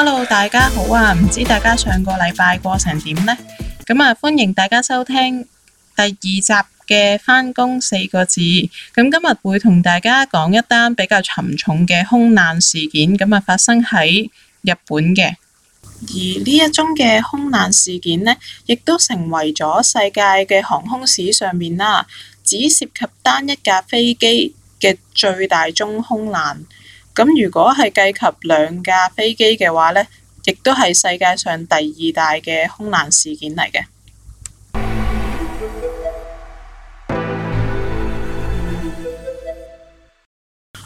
Hello，大家好啊！唔知大家上個禮拜過成點呢？咁啊，歡迎大家收聽第二集嘅《返工四個字》。咁今日會同大家講一單比較沉重嘅空難事件。咁啊，發生喺日本嘅，而呢一宗嘅空難事件呢，亦都成為咗世界嘅航空史上面啦，只涉及單一架飛機嘅最大宗空難。咁如果係計及兩架飛機嘅話呢，亦都係世界上第二大嘅空難事件嚟嘅。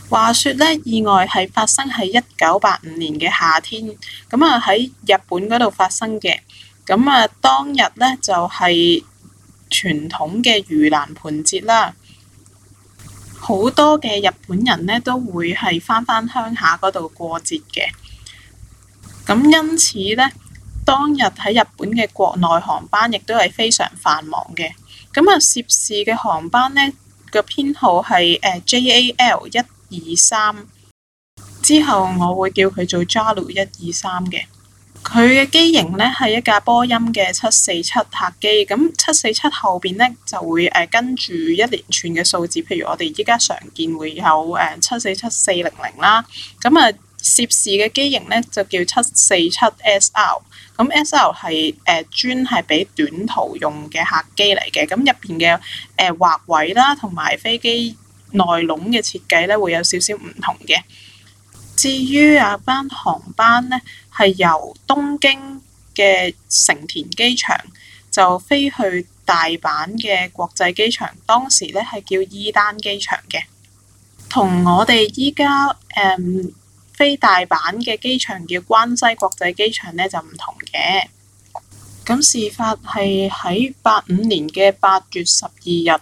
話說呢，意外係發生喺一九八五年嘅夏天，咁啊喺日本嗰度發生嘅。咁啊，當日呢就係傳統嘅盂蘭盆節啦。好多嘅日本人呢，都會係返返鄉下嗰度過節嘅，咁因此呢，當日喺日本嘅國內航班亦都係非常繁忙嘅，咁啊涉事嘅航班呢，個編號係 JAL 一二三，之後我會叫佢做 JAL 一二三嘅。佢嘅機型咧係一架波音嘅七四七客機，咁七四七後邊咧就會誒、呃、跟住一連串嘅數字，譬如我哋依家常見會有誒七四七四零零啦，咁啊涉事嘅機型咧就叫七四七 SR 咁 SR 係誒專係俾短途用嘅客機嚟嘅，咁入邊嘅誒劃位啦同埋飛機內籠嘅設計咧會有少少唔同嘅。至於啊班航班咧。係由東京嘅成田機場就飛去大阪嘅國際機場，當時咧係叫伊丹機場嘅，同我哋依家誒飛大阪嘅機場叫關西國際機場咧就唔同嘅。咁事發係喺八五年嘅八月十二日，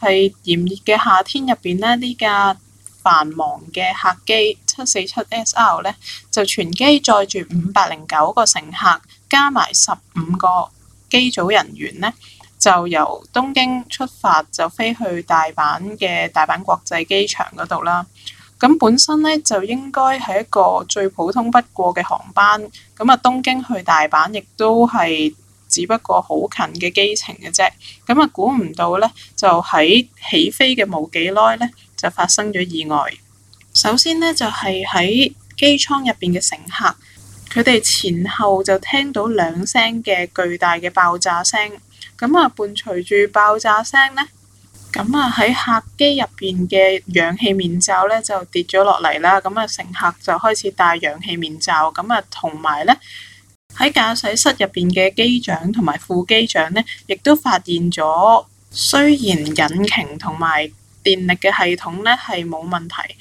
係炎熱嘅夏天入邊呢呢架。繁忙嘅客機七四七 SR 咧，R，就全機載住五百零九個乘客，加埋十五個機組人員咧，就由東京出發，就飛去大阪嘅大阪國際機場嗰度啦。咁本身咧就應該係一個最普通不過嘅航班，咁啊東京去大阪亦都係只不過好近嘅機程嘅啫。咁啊，估唔到咧，就喺起飛嘅冇幾耐咧～就發生咗意外。首先呢，就係喺機艙入邊嘅乘客，佢哋前後就聽到兩聲嘅巨大嘅爆炸聲。咁啊，伴隨住爆炸聲呢，咁啊喺客機入邊嘅氧氣面罩呢，就跌咗落嚟啦。咁啊，乘客就開始戴氧氣面罩。咁啊，同埋呢，喺駕駛室入邊嘅機長同埋副機長呢，亦都發現咗，雖然引擎同埋電力嘅系統咧，係冇問題，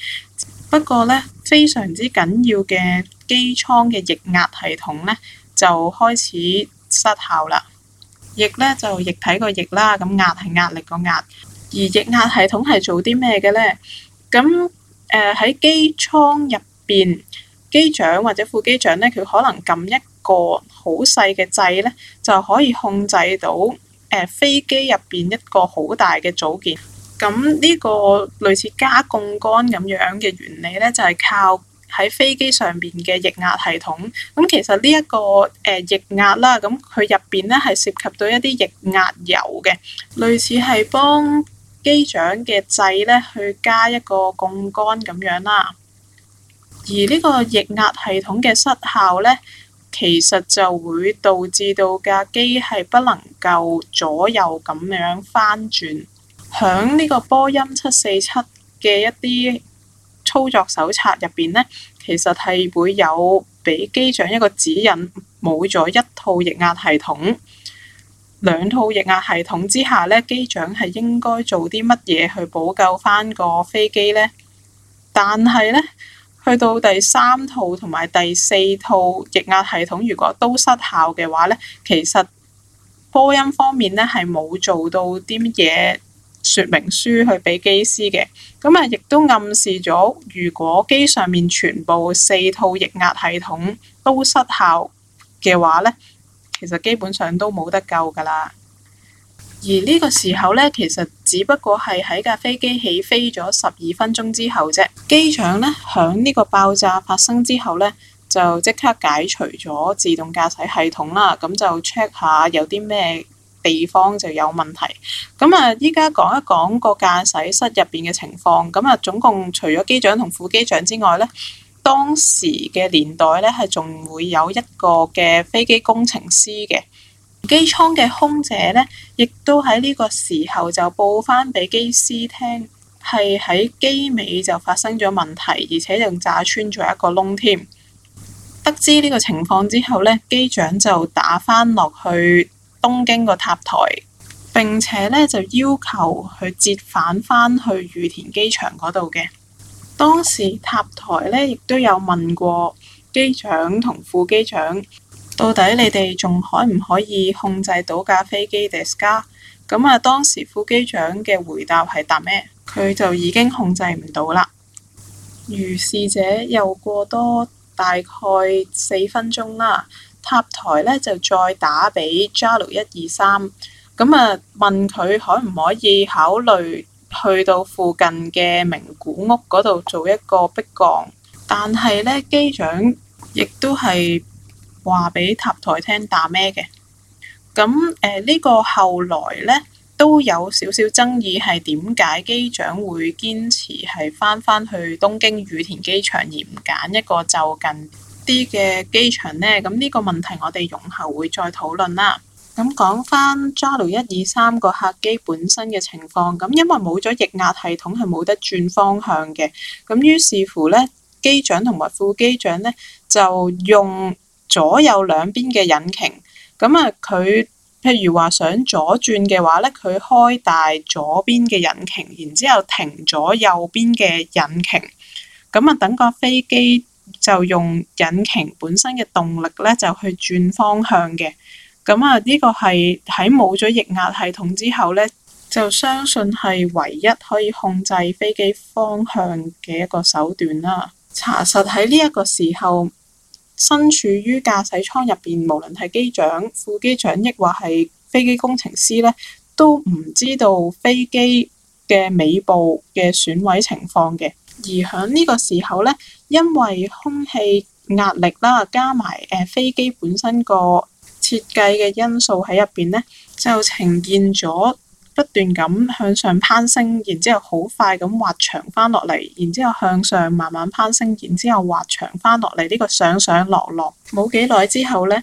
不過咧，非常之緊要嘅機艙嘅液壓系統咧，就開始失效啦。液，咧就液體個液啦，咁壓係壓力個壓。而液壓系統係做啲咩嘅咧？咁誒喺機艙入邊，機長或者副機長咧，佢可能撳一個好細嘅掣咧，就可以控制到誒、呃、飛機入邊一個好大嘅組件。咁呢個類似加槓桿咁樣嘅原理咧，就係、是、靠喺飛機上邊嘅液壓系統。咁其實呢、這、一個誒、呃、液壓啦，咁佢入邊咧係涉及到一啲液壓油嘅，類似係幫機長嘅掣咧去加一個槓桿咁樣啦。而呢個液壓系統嘅失效咧，其實就會導致到架機係不能夠左右咁樣翻轉。響呢個波音七四七嘅一啲操作手冊入邊呢，其實係會有俾機長一個指引，冇咗一套液壓系統，兩套液壓系統之下呢，機長係應該做啲乜嘢去補救翻個飛機呢？但係呢，去到第三套同埋第四套液壓系統，如果都失效嘅話呢，其實波音方面呢係冇做到啲乜嘢。說明書去俾機師嘅，咁啊亦都暗示咗，如果機上面全部四套液壓系統都失效嘅話呢，其實基本上都冇得救噶啦。而呢個時候呢，其實只不過係喺架飛機起飛咗十二分鐘之後啫。機長呢，響呢個爆炸發生之後呢，就即刻解除咗自動駕駛系統啦，咁就 check 下有啲咩。地方就有問題。咁啊，依家講一講個駕駛室入邊嘅情況。咁啊，總共除咗機長同副機長之外呢，當時嘅年代呢，係仲會有一個嘅飛機工程師嘅，機艙嘅空姐呢，亦都喺呢個時候就報翻俾機師聽，係喺機尾就發生咗問題，而且仲炸穿咗一個窿添。得知呢個情況之後呢，機長就打翻落去東京個塔台，並且咧就要求佢折返返去羽田機場嗰度嘅。當時塔台咧亦都有問過機長同副機長，到底你哋仲可唔可以控制到架飛機ですか？咁啊，當時副機長嘅回答係答咩？佢就已經控制唔到啦。如是者又過多大概四分鐘啦。塔台咧就再打俾 JAL 一二三，咁啊問佢可唔可以考慮去到附近嘅名古屋嗰度做一個迫降，但係咧機長亦都係話俾塔台聽打咩嘅，咁誒呢個後來咧都有少少爭議係點解機長會堅持係翻翻去東京羽田機場而唔揀一個就近。啲嘅機場呢，咁、這、呢個問題我哋容後會再討論啦。咁講翻 JAL 一二三個客機本身嘅情況，咁、嗯、因為冇咗液壓系統係冇得轉方向嘅，咁、嗯、於是乎呢，機長同埋副機長呢，就用左右兩邊嘅引擎。咁、嗯、啊，佢譬如話想左轉嘅話呢，佢開大左邊嘅引擎，然之後停咗右邊嘅引擎。咁、嗯、啊，等個飛機。就用引擎本身嘅動力咧，就去轉方向嘅。咁啊，呢個係喺冇咗液壓系統之後咧，就相信係唯一可以控制飛機方向嘅一個手段啦。查實喺呢一個時候，身處於駕駛艙入邊，無論係機長，副機長抑或係飛機工程師咧，都唔知道飛機嘅尾部嘅損毀情況嘅。而喺呢個時候呢，因為空氣壓力啦，加埋誒飛機本身個設計嘅因素喺入邊呢，就呈現咗不斷咁向上攀升，然之後好快咁滑翔翻落嚟，然之後向上慢慢攀升，然之後滑翔翻落嚟。呢個上上落落冇幾耐之後呢，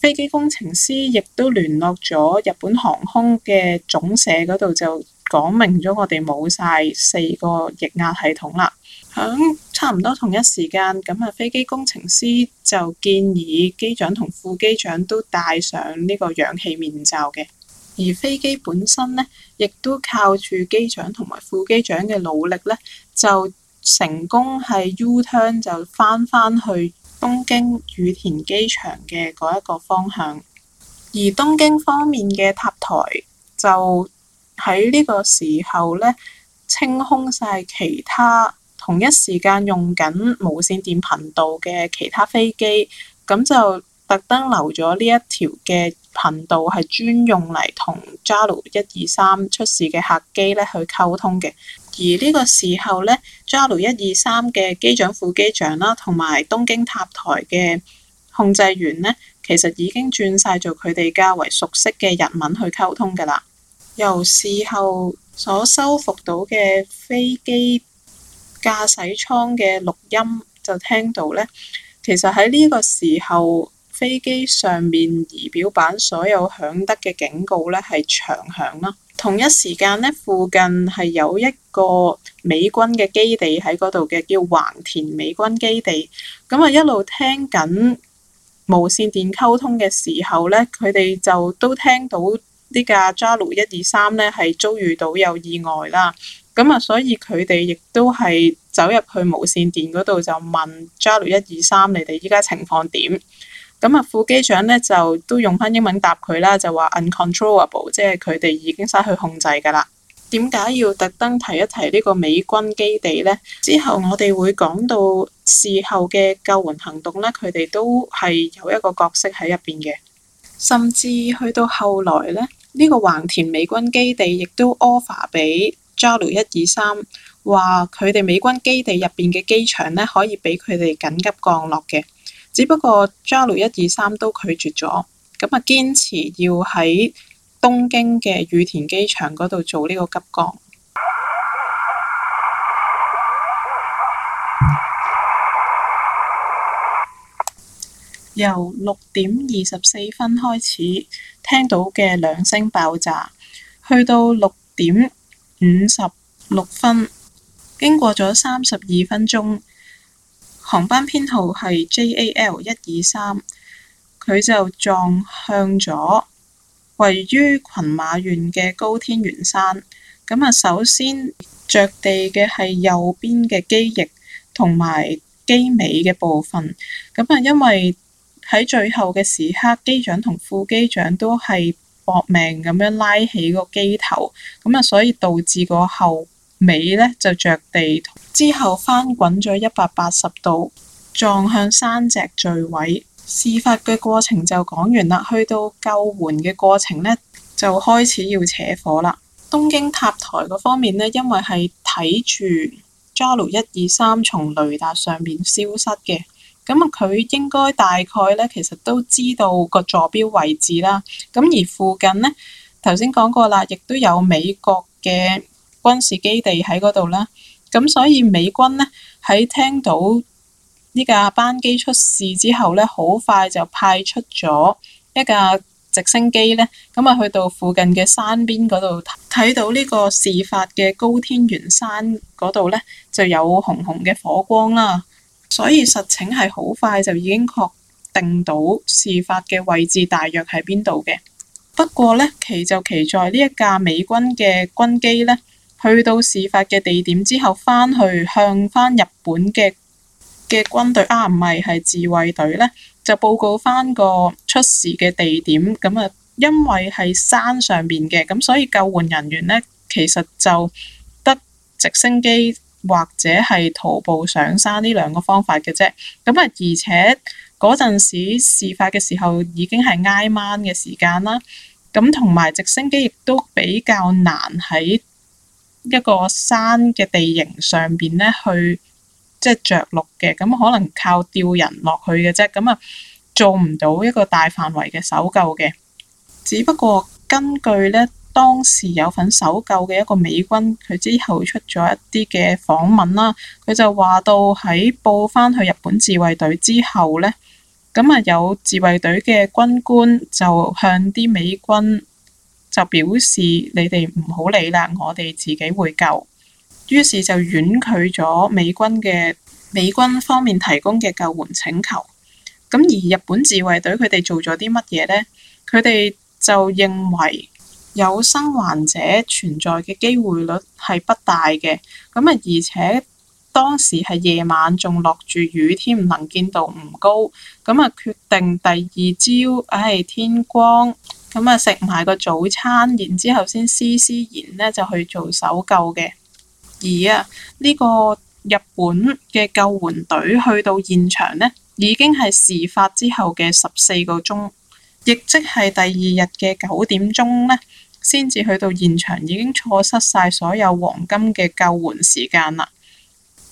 飛機工程師亦都聯絡咗日本航空嘅總社嗰度就。講明咗，我哋冇晒四個液壓系統啦。響差唔多同一時間，咁啊，飛機工程師就建議機長同副機長都戴上呢個氧氣面罩嘅。而飛機本身呢，亦都靠住機長同埋副機長嘅努力呢，就成功係 U-turn 就翻返去東京羽田機場嘅嗰一個方向。而東京方面嘅塔台就。喺呢個時候咧，清空晒其他同一時間用緊無線電頻道嘅其他飛機，咁就特登留咗呢一條嘅頻道係專用嚟同 JAL 一二三出事嘅客機咧去溝通嘅。而呢個時候咧，JAL 一二三嘅機長、副機長啦、啊，同埋東京塔台嘅控制員咧，其實已經轉晒做佢哋較為熟悉嘅日文去溝通噶啦。由事後所收復到嘅飛機駕駛艙嘅錄音就聽到呢。其實喺呢個時候，飛機上面儀表板所有響得嘅警告呢係長響啦。同一時間呢，附近係有一個美軍嘅基地喺嗰度嘅，叫橫田美軍基地。咁啊一路聽緊無線電溝通嘅時候呢，佢哋就都聽到。呢架 JAL 一二三咧係遭遇到有意外啦，咁啊，所以佢哋亦都係走入去無線電嗰度就問 JAL 一二三，你哋依家情況點？咁啊，副機長咧就都用翻英文答佢啦，就話 uncontrollable，即係佢哋已經失去控制㗎啦。點解要特登提一提呢個美軍基地呢？之後我哋會講到事後嘅救援行動咧，佢哋都係有一個角色喺入邊嘅，甚至去到後來咧。呢個橫田美軍基地亦都 offer 俾 JAL 一二三，話佢哋美軍基地入邊嘅機場咧可以俾佢哋緊急降落嘅，只不過 JAL 一二三都拒絕咗，咁啊堅持要喺東京嘅羽田機場嗰度做呢個急降。由六點二十四分開始聽到嘅兩聲爆炸，去到六點五十六分，經過咗三十二分鐘，航班編號係 JAL 一二三，佢就撞向咗位於群馬縣嘅高天原山。咁啊，首先着地嘅係右邊嘅機翼同埋機尾嘅部分。咁啊，因為喺最後嘅時刻，機長同副機長都係搏命咁樣拉起個機頭，咁啊，所以導致個後尾呢就着地，之後翻滾咗一百八十度，撞向山脊墜毀。事發嘅過程就講完啦，去到救援嘅過程呢，就開始要扯火啦。東京塔台嗰方面呢，因為係睇住 JAL 一二三從雷達上面消失嘅。咁啊，佢應該大概咧，其實都知道個坐標位置啦。咁而附近呢，頭先講過啦，亦都有美國嘅軍事基地喺嗰度啦。咁所以美軍呢，喺聽到呢架班機出事之後咧，好快就派出咗一架直升機咧，咁啊去到附近嘅山邊嗰度睇到呢個事發嘅高天原山嗰度咧，就有紅紅嘅火光啦。所以實情係好快就已經確定到事發嘅位置大約喺邊度嘅。不過呢，奇就奇在呢一架美軍嘅軍機呢，去到事發嘅地點之後，翻去向翻日本嘅嘅軍隊啊，唔係係自衛隊呢，就報告翻個出事嘅地點。咁啊，因為喺山上邊嘅，咁所以救援人員呢，其實就得直升機或者係徒步上山呢兩個方法嘅啫，咁啊而且嗰陣時事發嘅時候已經係挨晚嘅時間啦，咁同埋直升機亦都比較難喺一個山嘅地形上邊咧去即係着陸嘅，咁可能靠吊人落去嘅啫，咁啊做唔到一個大範圍嘅搜救嘅，只不過根據咧。當時有份搜救嘅一個美軍，佢之後出咗一啲嘅訪問啦。佢就話到喺報返去日本自衛隊之後呢，咁啊有自衛隊嘅軍官就向啲美軍就表示：你哋唔好理啦，我哋自己會救。於是就婉拒咗美軍嘅美軍方面提供嘅救援請求。咁而日本自衛隊佢哋做咗啲乜嘢呢？佢哋就認為，有生還者存在嘅機會率係不大嘅，咁啊，而且當時係夜晚，仲落住雨添，能見度唔高，咁啊，決定第二朝唉天光，咁啊食埋個早餐，然之後先施施然呢，就去做搜救嘅。而啊呢個日本嘅救援隊去到現場呢，已經係事發之後嘅十四個鐘，亦即係第二日嘅九點鐘呢。先至去到現場，已經錯失晒所有黃金嘅救援時間啦。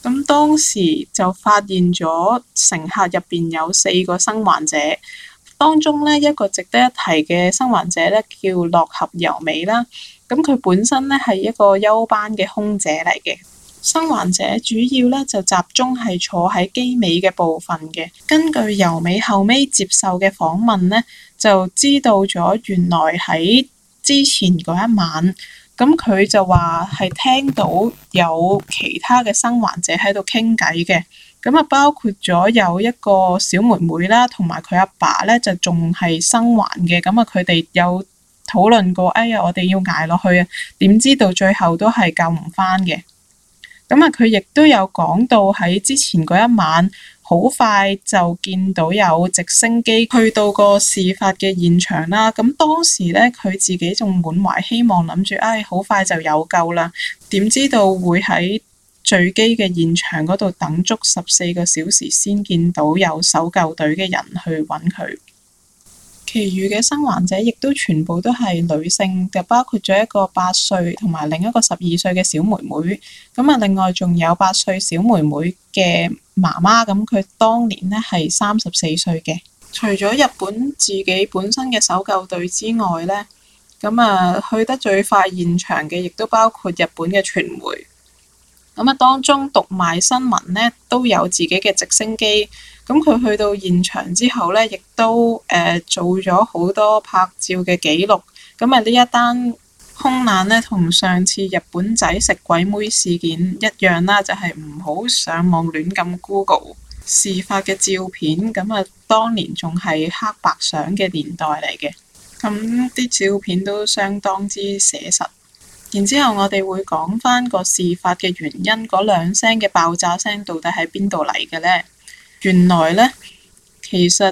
咁當時就發現咗乘客入邊有四個生還者，當中呢，一個值得一提嘅生還者呢，叫落合由美啦。咁佢本身呢，係一個休班嘅空姐嚟嘅。生還者主要呢，就集中係坐喺機尾嘅部分嘅。根據由美後尾接受嘅訪問呢，就知道咗原來喺～之前嗰一晚，咁佢就話係聽到有其他嘅生還者喺度傾偈嘅，咁啊，包括咗有一個小妹妹啦，同埋佢阿爸咧就仲係生還嘅。咁啊，佢哋有討論過，哎呀，我哋要捱落去啊，點知到最後都係救唔返嘅。咁啊，佢亦都有講到喺之前嗰一晚。好快就見到有直升機去到個事發嘅現場啦！咁當時呢，佢自己仲滿懷希望，諗住唉，好快就有救啦！點知道會喺墜機嘅現場嗰度等足十四個小時先見到有搜救隊嘅人去揾佢。其餘嘅生還者亦都全部都係女性，就包括咗一個八歲同埋另一個十二歲嘅小妹妹。咁啊，另外仲有八歲小妹妹嘅媽媽，咁佢當年呢係三十四歲嘅。除咗日本自己本身嘅搜救隊之外呢，咁啊去得最快現場嘅，亦都包括日本嘅傳媒。咁啊，當中讀賣新聞呢，都有自己嘅直升機。咁佢去到現場之後呢，亦都誒、呃、做咗好多拍照嘅記錄。咁啊，呢一單空難呢，同上次日本仔食鬼妹事件一樣啦，就係唔好上網亂咁 Google 事發嘅照片。咁啊，當年仲係黑白相嘅年代嚟嘅，咁啲照片都相當之寫實。然之後我哋會講翻個事發嘅原因，嗰兩聲嘅爆炸聲到底喺邊度嚟嘅呢？原來呢，其實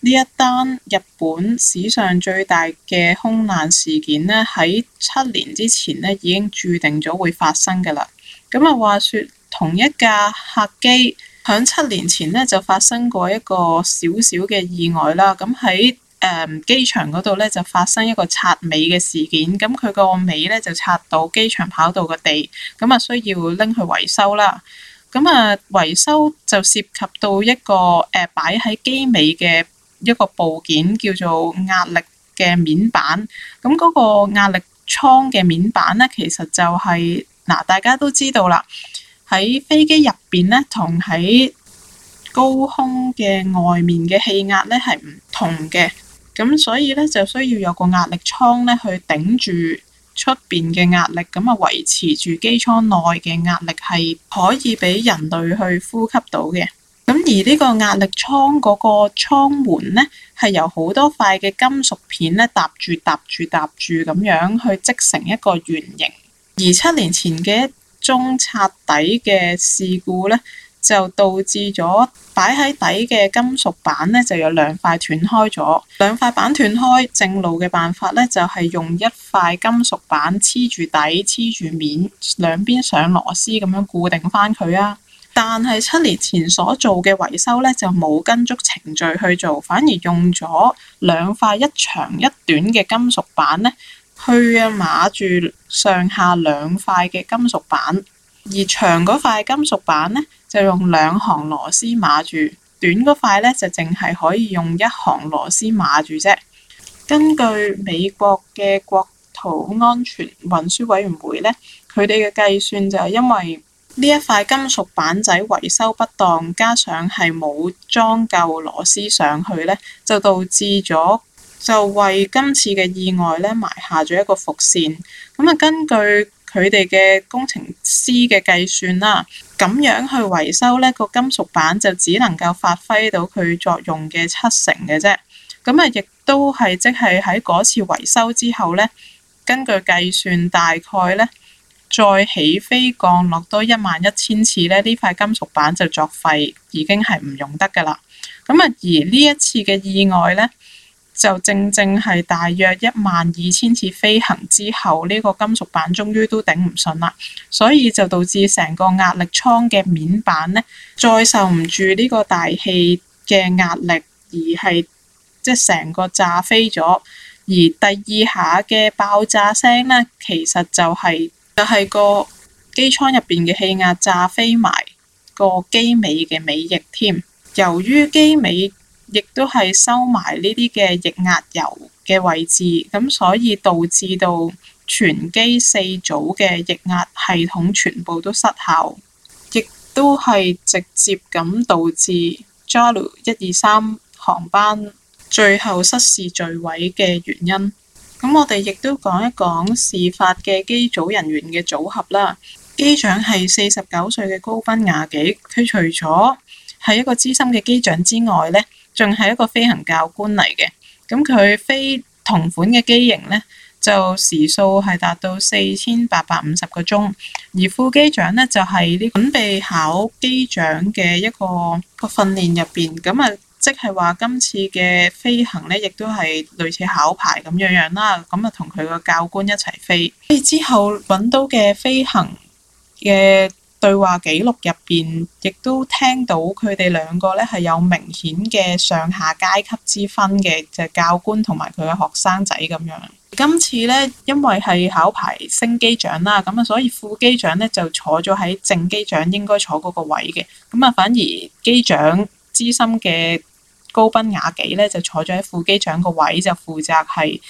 呢一單日本史上最大嘅空難事件呢，喺七年之前呢已經注定咗會發生嘅啦。咁啊，話說同一架客機喺七年前呢就發生過一個小小嘅意外啦。咁喺誒機場嗰度呢，就發生一個拆尾嘅事件，咁佢個尾呢，就拆到機場跑道嘅地，咁啊需要拎去維修啦。咁啊，維修就涉及到一個誒、啊、擺喺機尾嘅一個部件，叫做壓力嘅面板。咁嗰個壓力艙嘅面板咧，其實就係、是、嗱、啊，大家都知道啦，喺飛機入邊咧同喺高空嘅外面嘅氣壓咧係唔同嘅，咁所以咧就需要有個壓力艙咧去頂住。出邊嘅壓力，咁啊，維持住機艙內嘅壓力係可以俾人類去呼吸到嘅。咁而呢個壓力艙嗰個艙門咧，係由好多塊嘅金屬片咧，搭住搭住搭住咁樣去積成一個圓形。而七年前嘅一宗擦底嘅事故呢，就導致咗擺喺底嘅金屬板咧，就有兩塊斷開咗。兩塊板斷開，正路嘅辦法咧就係用一塊金屬板黐住底黐住面，兩邊上螺絲咁樣固定翻佢啊。但係七年前所做嘅維修咧就冇跟足程序去做，反而用咗兩塊一長一短嘅金屬板咧去啊，碼住上下兩塊嘅金屬板。而長嗰塊金屬板呢，就用兩行螺絲碼住；短嗰塊呢，就淨係可以用一行螺絲碼住啫。根據美國嘅國土安全運輸委員會呢，佢哋嘅計算就係因為呢一塊金屬板仔維修不當，加上係冇裝夠螺絲上去呢，就導致咗就為今次嘅意外呢，埋下咗一個伏線。咁啊，根據佢哋嘅工程師嘅計算啦，咁樣去維修咧，個金屬板就只能夠發揮到佢作用嘅七成嘅啫。咁啊，亦都係即係喺嗰次維修之後咧，根據計算大概咧，再起飛降落多一萬一千次咧，呢塊金屬板就作廢，已經係唔用得㗎喇。咁啊，而呢一次嘅意外咧，就正正係大約一萬二千次飛行之後，呢、這個金屬板終於都頂唔順啦，所以就導致成個壓力艙嘅面板咧，再受唔住呢個大氣嘅壓力，而係即係成個炸飛咗。而第二下嘅爆炸聲咧，其實就係、是、就係、是、個機艙入邊嘅氣壓炸飛埋個機尾嘅尾翼添。由於機尾，亦都係收埋呢啲嘅液壓油嘅位置，咁所以導致到全機四組嘅液壓系統全部都失效，亦都係直接咁導致 JALU 一二三航班最後失事墜毀嘅原因。咁我哋亦都講一講事發嘅機組人員嘅組合啦。機長係四十九歲嘅高濱雅己，佢除咗係一個資深嘅機長之外呢，仲係一個飛行教官嚟嘅，咁佢飛同款嘅機型呢，就時數係達到四千八百五十個鐘，而副機長呢，就係呢準備考機長嘅一個一個訓練入邊，咁啊即係話今次嘅飛行呢，亦都係類似考牌咁樣樣啦，咁啊同佢個教官一齊飛，之後揾到嘅飛行嘅。對話記錄入邊，亦都聽到佢哋兩個咧係有明顯嘅上下階級之分嘅，就係、教官同埋佢嘅學生仔咁樣。今次咧，因為係考牌升機長啦，咁啊，所以副機長咧就坐咗喺正機長應該坐嗰個位嘅，咁啊，反而機長資深嘅高斌雅幾咧就坐咗喺副機長個位就負，就負責係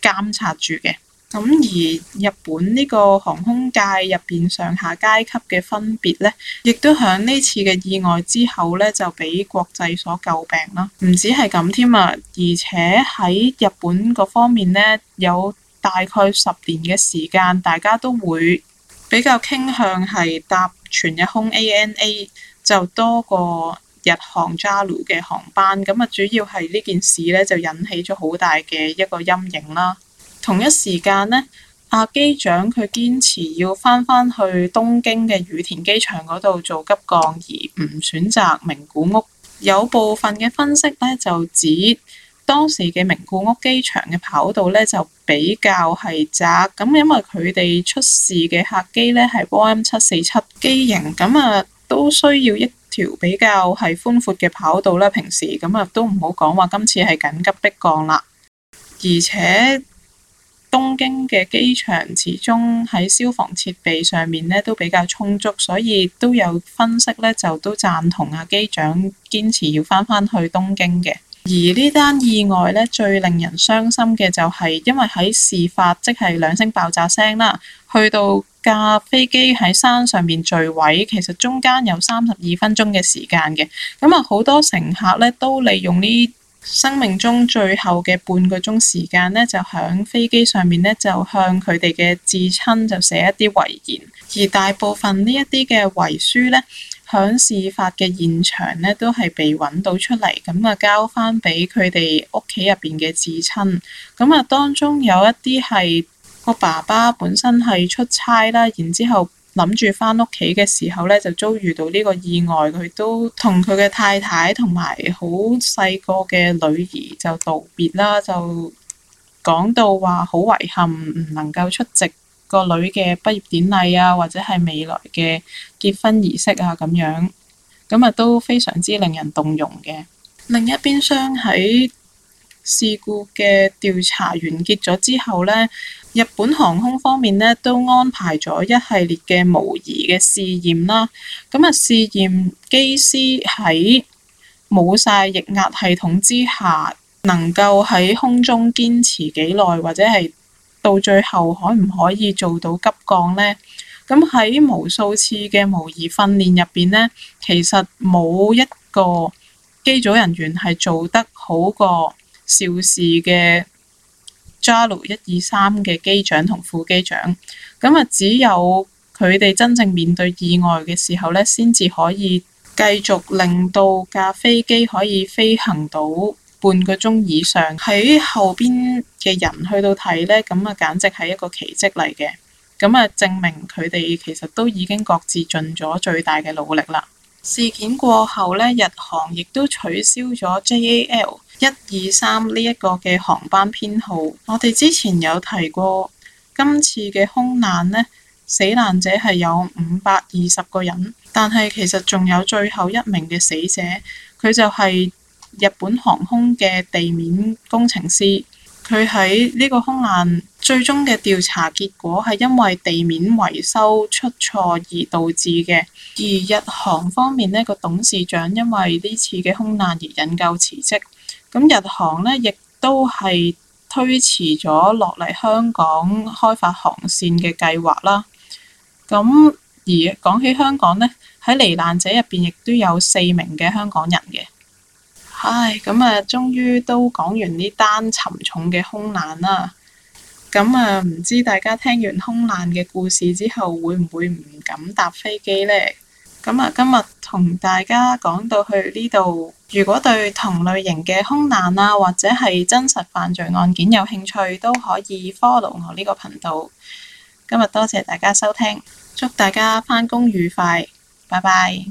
監察住嘅。咁而日本呢個航空界入邊上下階級嘅分別咧，亦都響呢次嘅意外之後咧，就俾國際所詬病啦。唔止係咁添啊，而且喺日本嗰方面咧，有大概十年嘅時間，大家都會比較傾向係搭全日空 A N A 就多過日航 JAL 嘅航班。咁啊，主要係呢件事咧，就引起咗好大嘅一個陰影啦。同一時間呢，阿機長佢堅持要返返去東京嘅羽田機場嗰度做急降，而唔選擇名古屋。有部分嘅分析呢，就指當時嘅名古屋機場嘅跑道呢就比較係窄。咁因為佢哋出事嘅客機呢係波音七四七機型，咁啊都需要一條比較係寬闊嘅跑道啦。平時咁啊，都唔好講話今次係緊急迫降啦，而且。東京嘅機場始終喺消防設備上面咧都比較充足，所以都有分析咧就都贊同啊機長堅持要返返去東京嘅。而呢單意外咧最令人傷心嘅就係因為喺事發即係兩聲爆炸聲啦，去到架飛機喺山上面墜毀，其實中間有三十二分鐘嘅時間嘅，咁啊好多乘客咧都利用呢。生命中最後嘅半個鐘時，時間呢，就喺飛機上面呢，就向佢哋嘅至親就寫一啲遺言，而大部分呢一啲嘅遺書呢，響事發嘅現場呢，都係被揾到出嚟，咁啊交翻俾佢哋屋企入邊嘅至親，咁啊當中有一啲係個爸爸本身係出差啦，然後之後。諗住翻屋企嘅時候呢，就遭遇到呢個意外，佢都同佢嘅太太同埋好細個嘅女兒就道別啦，就講到話好遺憾唔能夠出席個女嘅畢業典禮啊，或者係未來嘅結婚儀式啊咁樣，咁啊都非常之令人動容嘅。另一邊廂喺事故嘅調查完結咗之後呢，日本航空方面呢都安排咗一系列嘅模擬嘅試驗啦。咁啊，試驗機師喺冇晒液壓系統之下，能夠喺空中堅持幾耐，或者係到最後可唔可以做到急降呢？咁喺無數次嘅模擬訓練入邊呢，其實冇一個機組人員係做得好過。肇事嘅 JAL o 一二三嘅機長同副機長，咁啊只有佢哋真正面對意外嘅時候呢，先至可以繼續令到架飛機可以飛行到半個鐘以上。喺後邊嘅人去到睇呢，咁啊簡直係一個奇蹟嚟嘅，咁啊證明佢哋其實都已經各自盡咗最大嘅努力啦。事件過後呢，日航亦都取消咗 JAL 一二三呢一個嘅航班編號，我哋之前有提過。今次嘅空難呢，死難者係有五百二十個人，但係其實仲有最後一名嘅死者，佢就係日本航空嘅地面工程師，佢喺呢個空難。最終嘅調查結果係因為地面維修出錯而導致嘅，而日航方面呢個董事長因為呢次嘅空難而引咎辭職。咁日航呢，亦都係推遲咗落嚟香港開發航線嘅計劃啦。咁而講起香港呢，喺罹難者入邊亦都有四名嘅香港人嘅。唉，咁啊，終於都講完呢單沉重嘅空難啦。咁啊，唔知大家聽完空難嘅故事之後，會唔會唔敢搭飛機呢？咁啊，今日同大家講到去呢度。如果對同類型嘅空難啊，或者係真實犯罪案件有興趣，都可以 follow 我呢個頻道。今日多謝大家收聽，祝大家返工愉快，拜拜。